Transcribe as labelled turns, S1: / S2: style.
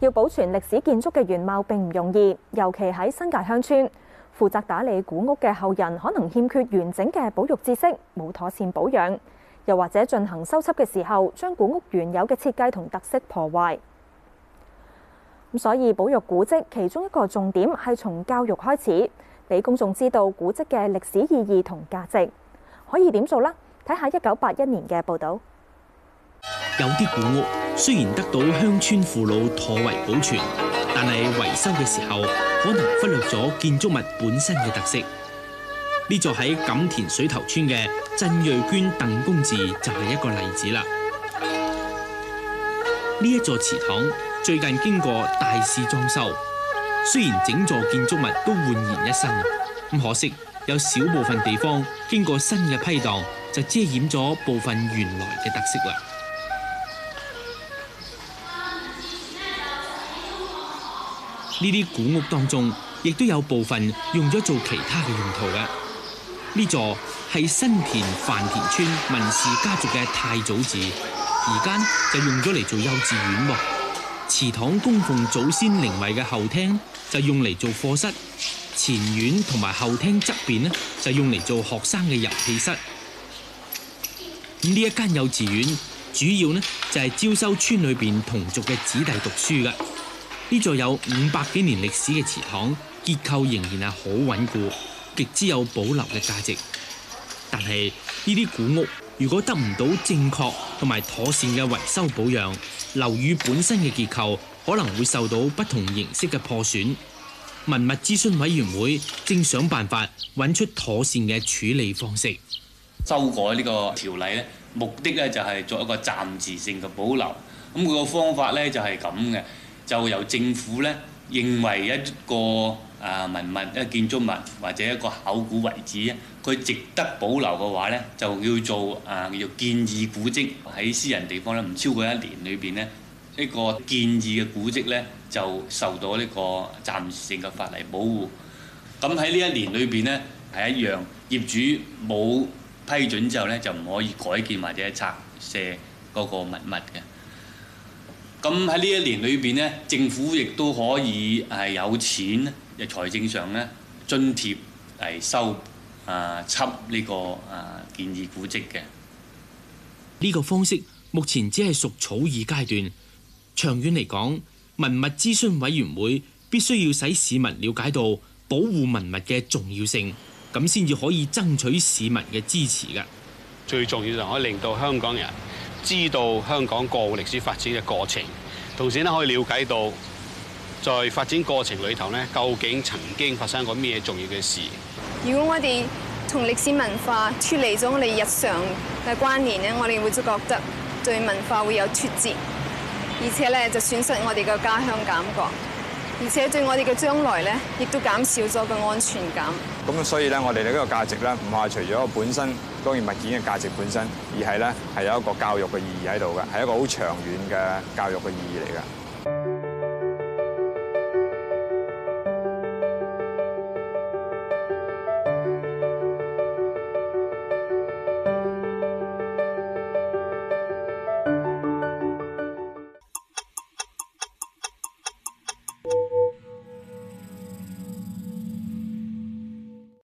S1: 要保存歷史建築嘅原貌並唔容易，尤其喺新界鄉村，負責打理古屋嘅後人可能欠缺完整嘅保育知識，冇妥善保養，又或者進行修葺嘅時候，將古屋原有嘅設計同特色破壞。咁所以保育古蹟其中一個重點係從教育開始，俾公眾知道古蹟嘅歷史意義同價值。可以點做呢？睇下一九八一年嘅報導。
S2: 有啲古屋雖然得到鄉村父老妥為保存，但係維修嘅時候可能忽略咗建築物本身嘅特色。呢座喺錦田水頭村嘅鎮銳鋗鄧，鄧公祠就係一個例子啦。呢一座祠堂最近經過大肆裝修，雖然整座建築物都煥然一新，咁可惜有少部分地方經過新嘅批盪，就遮掩咗部分原來嘅特色啦。呢啲古屋當中，亦都有部分用咗做其他嘅用途嘅。呢座係新田蕃田村文氏家族嘅太祖祠，而家就用咗嚟做幼稚園。祠堂供奉祖先靈位嘅後廳就用嚟做課室，前院同埋後廳側邊呢，就用嚟做學生嘅遊戲室。咁呢一間幼稚園主要呢就係招收村裏邊同族嘅子弟讀書嘅。呢座有五百幾年歷史嘅祠堂結構仍然係好穩固，極之有保留嘅價值。但係呢啲古屋如果得唔到正確同埋妥善嘅維修保養，樓宇本身嘅結構可能會受到不同形式嘅破損。文物諮詢委員會正想辦法揾出妥善嘅處理方式。
S3: 修改呢個條例呢，目的呢就係作一個暫時性嘅保留。咁佢個方法呢，就係咁嘅。就由政府咧，認為一個啊，文物、一個建築物或者一個考古遺址咧，佢值得保留嘅話咧，就叫做啊叫建議古蹟。喺私人地方咧，唔超過一年裏邊咧，一個建議嘅古蹟咧就受到呢個暫時性嘅法例保護。咁喺呢一年裏邊咧係，一樣，業主冇批准之後咧就唔可以改建或者拆卸嗰個文物嘅。咁喺呢一年裏邊咧，政府亦都可以係有錢，財政上咧津貼嚟修啊葺呢個啊建議古蹟嘅。
S2: 呢個方式目前只係屬草擬階段，長遠嚟講，文物諮詢委員會必須要使市民了解到保護文物嘅重要性，咁先至可以爭取市民嘅支持嘅。最重要就係可以令到香港人，知道香港過去歷史發展嘅過程，同時咧可以了解到，在發展過程裏頭咧，究竟曾經發生過咩重要嘅事。
S4: 如果我哋同歷史文化脱離咗我哋日常嘅關聯咧，我哋會覺得對文化會有脱節，而且咧就損失我哋嘅家鄉感覺。而且對我哋嘅將來咧，亦都減少咗個安全感。
S2: 咁所以咧，我哋嘅呢個價值咧，唔係除咗本身當然物件嘅價值本身，而係咧係有一個教育嘅意義喺度嘅，係一個好長遠嘅
S3: 教育嘅意義嚟嘅。